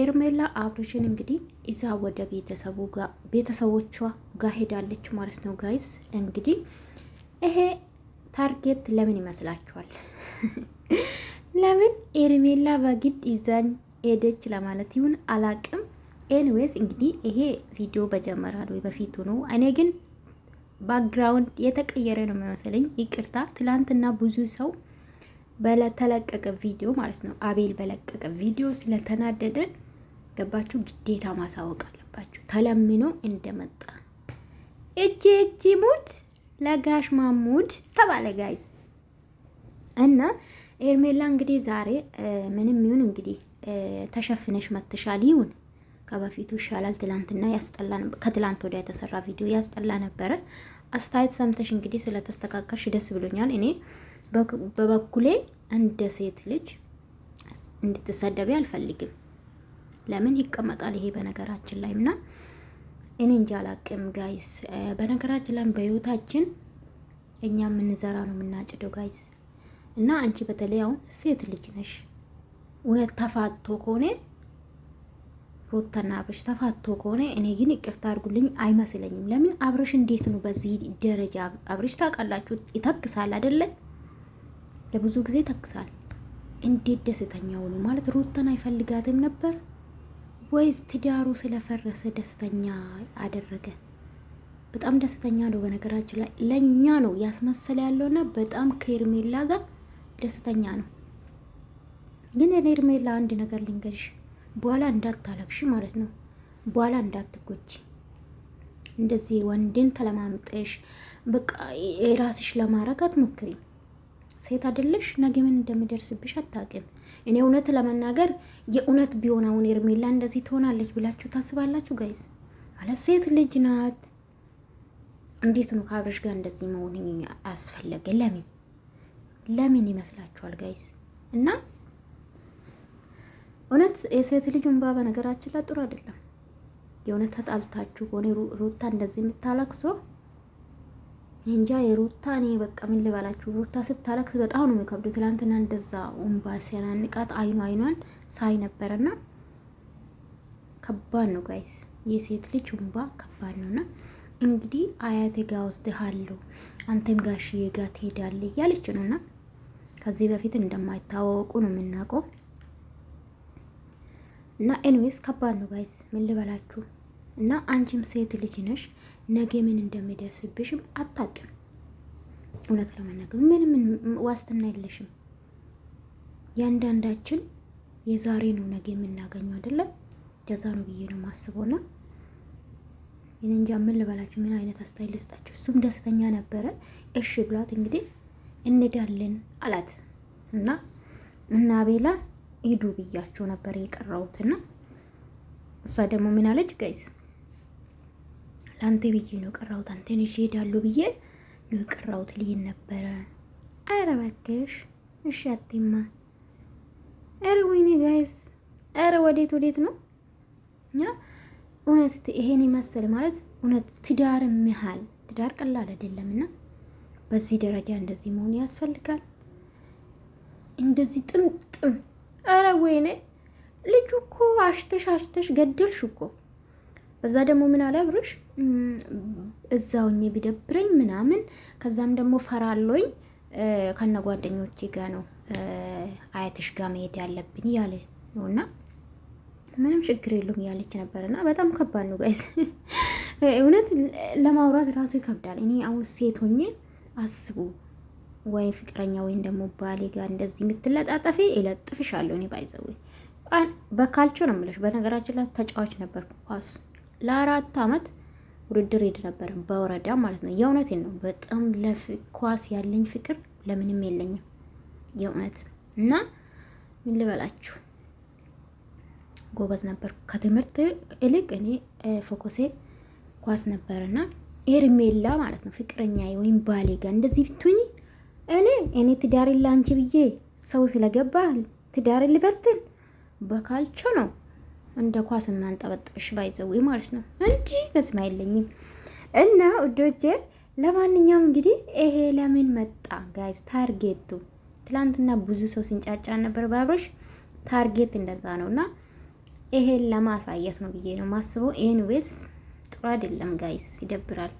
ኤርሜላ አብርሽን እንግዲህ ይዛ ወደ ቤተሰቡ ቤተሰቦቿ ጋር ሄዳለች ማለት ነው። ጋይስ እንግዲህ ይሄ ታርጌት ለምን ይመስላችኋል? ለምን ኤርሜላ በግድ ይዛኝ ሄደች ለማለት ይሁን አላቅም። ኤንዌስ እንግዲህ ይሄ ቪዲዮ በጀመራል ወይ በፊቱ ነው። እኔ ግን ባክግራውንድ የተቀየረ ነው የሚመስለኝ። ይቅርታ ትላንትና ብዙ ሰው በለተለቀቀ ቪዲዮ ማለት ነው አቤል በለቀቀ ቪዲዮ ስለተናደደ ገባችሁ? ግዴታ ማሳወቅ አለባችሁ። ተለምኖ እንደመጣ እቺ እቺ ሙድ ለጋሽ ማሙድ ተባለ ጋይዝ እና ኤርሜላ እንግዲህ ዛሬ ምንም ይሁን እንግዲህ ተሸፍነሽ መትሻል ይሁን ከበፊቱ ይሻላል። ትላንትና ያስጠላ ከትላንት ወዲያ የተሰራ ቪዲዮ ያስጠላ ነበረ። አስተያየት ሰምተሽ እንግዲህ ስለተስተካከልሽ ደስ ብሎኛል። እኔ በበኩሌ እንደ ሴት ልጅ እንድትሰደቢ አልፈልግም። ለምን ይቀመጣል ይሄ በነገራችን ላይ ምና እኔ እንጂ አላቅም ጋይስ። በነገራችን ላይ በህይወታችን እኛ የምንዘራ ነው የምናጭደው ጋይስ። እና አንቺ በተለይ አሁን ሴት ልጅ ነሽ፣ እውነት ተፋቶ ከሆነ ሩታና አብረሽ ተፋቶ ከሆነ እኔ ግን ይቅርታ አድርጉልኝ አይመስለኝም። ለምን አብረሽ እንዴት ነው በዚህ ደረጃ አብረሽ ታውቃላችሁ፣ ይተክሳል አይደለም? ለብዙ ጊዜ ይተክሳል። እንዴት ደስተኛ ሆኖ ማለት ሩታን አይፈልጋትም ነበር። ወይስ ትዳሩ ስለፈረሰ ደስተኛ አደረገ? በጣም ደስተኛ ነው። በነገራችን ላይ ለእኛ ነው ያስመሰለ ያለውና በጣም ከኤርሜላ ጋር ደስተኛ ነው። ግን እኔ ኤርሜላ አንድ ነገር ልንገርሽ፣ በኋላ እንዳታለቅሽ ማለት ነው፣ በኋላ እንዳትጎጂ እንደዚህ ወንድን ተለማምጠሽ በቃ የራስሽ ለማድረግ አትሞክሪ። ሴት አይደለሽ፣ ነገ ምን እንደሚደርስብሽ አታውቂም። እኔ እውነት ለመናገር የእውነት ቢሆን አሁን ሄርሜላ እንደዚህ ትሆናለች ብላችሁ ታስባላችሁ? ጋይዝ ማለት ሴት ልጅ ናት። እንዴት ነው ከአብረሽ ጋር እንደዚህ መሆን አስፈለገ? ለምን ለምን ይመስላችኋል ጋይዝ? እና እውነት የሴት ልጅ እንባ በነገራችን ላይ ጥሩ አይደለም። የእውነት ተጣልታችሁ ሆነ ሩታ እንደዚህ የምታለቅሶ እንጃ የሩታ እኔ በቃ ምን ልበላችሁ፣ ሩታ ስታለቅስ በጣም ነው የሚከብዱ። ትላንትና እንደዛ ወንባ ሲያናንቃት አይኑ አይኗን ሳይ ነበረና ከባድ ነው ጋይስ፣ የሴት ልጅ ኡምባ ከባድ ነውና እንግዲህ አያቴ ጋ ወስድሃለሁ አንተም ጋሽዬ ጋ ትሄዳለህ እያለች ነውና ከዚህ በፊት እንደማይታወቁ ነው የምናውቀው። እና ኤንዌስ ከባድ ነው ጋይስ ምን ልበላችሁ። እና አንቺም ሴት ልጅ ነሽ ነገ ምን እንደሚደርስብሽም አታውቂም። እውነት ለመናገር ምን ዋስትና የለሽም። የአንዳንዳችን የዛሬ ነው ነገ የምናገኘው አይደለም። ጀዛ ነው ብዬ ነው ማስቦና እኔ እንጃ ምን ልበላችሁ፣ ምን አይነት አስተያየት ልስጣችሁ። እሱም ደስተኛ ነበረ። እሺ ብሏት እንግዲህ እንዳለን አላት እና እና ቤላ ሂዱ ብያቸው ነበር የቀረውትና እሷ ደግሞ ምን አለች ጋይስ ለአንተ ብዬ ነው ቀራሁት፣ አንተን ይዤ እሄዳለሁ ብዬ ነው የቀራሁት ልይን ነበረ። አረ እባክሽ እሺ አትይማ። አረ ወይኔ ጋይስ፣ አረ ወዴት ወዴት ነው እኛ እውነት ይሄን ይመስል ማለት እውነት ትዳር የሚያህል ትዳር ቀላል አይደለም እና በዚህ ደረጃ እንደዚህ መሆን ያስፈልጋል። እንደዚህ ጥምጥም አረ ወይኔ ልጁ እኮ አሽተሽ አሽተሽ ገደልሽ እኮ። በዛ ደግሞ ምን አለ አብርሽ እዛውኝ ቢደብረኝ ምናምን ከዛም ደግሞ ፈራሎኝ ከነ ጓደኞቼ ጋ ነው አያትሽ ጋ መሄድ ያለብን ያለ ነውና ምንም ችግር የለውም ነበር። ነበርና በጣም ከባድ ነው ጋይስ። እውነት ለማውራት ራሱ ይከብዳል። እኔ አሁን ሴት ሆኜ አስቡ ወይ ፍቅረኛ ወይም ደግሞ ባሌ ጋር እንደዚህ የምትለጣጠፊ ይለጥፍሻለሁ። እኔ ባይዘው በካልቾ ነው የምልሽ። በነገራችን ላይ ተጫዋች ነበርኩ ኳሱ ለአራት አመት ውድድር ሄድ ነበር በወረዳ ማለት ነው። የእውነቴን ነው። በጣም ለኳስ ያለኝ ፍቅር ለምንም የለኝም የእውነት እና ምን ልበላችሁ ጎበዝ ነበር። ከትምህርት እልቅ እኔ ፎኮሴ ኳስ ነበርና ኤርሜላ ማለት ነው ፍቅረኛ ወይም ባሌ ጋር እንደዚህ ብትኝ እኔ እኔ ትዳሬ ለአንቺ ብዬ ሰው ስለገባ ትዳሬ ልበትን በካልቸው ነው እንደ ኳስ እናንጠበጥብሽ ባይዘው ማለት ነው እንጂ በስም አይለኝም። እና ውዶቼ ለማንኛውም እንግዲህ ይሄ ለምን መጣ ጋይዝ ታርጌቱ ትላንትና ብዙ ሰው ሲንጫጫ ነበር በአብርሽ ታርጌት እንደዛ ነው እና ይሄን ለማሳየት ነው ብዬ ነው ማስበው። ኤንዌስ ጥሩ አይደለም ጋይስ ይደብራል።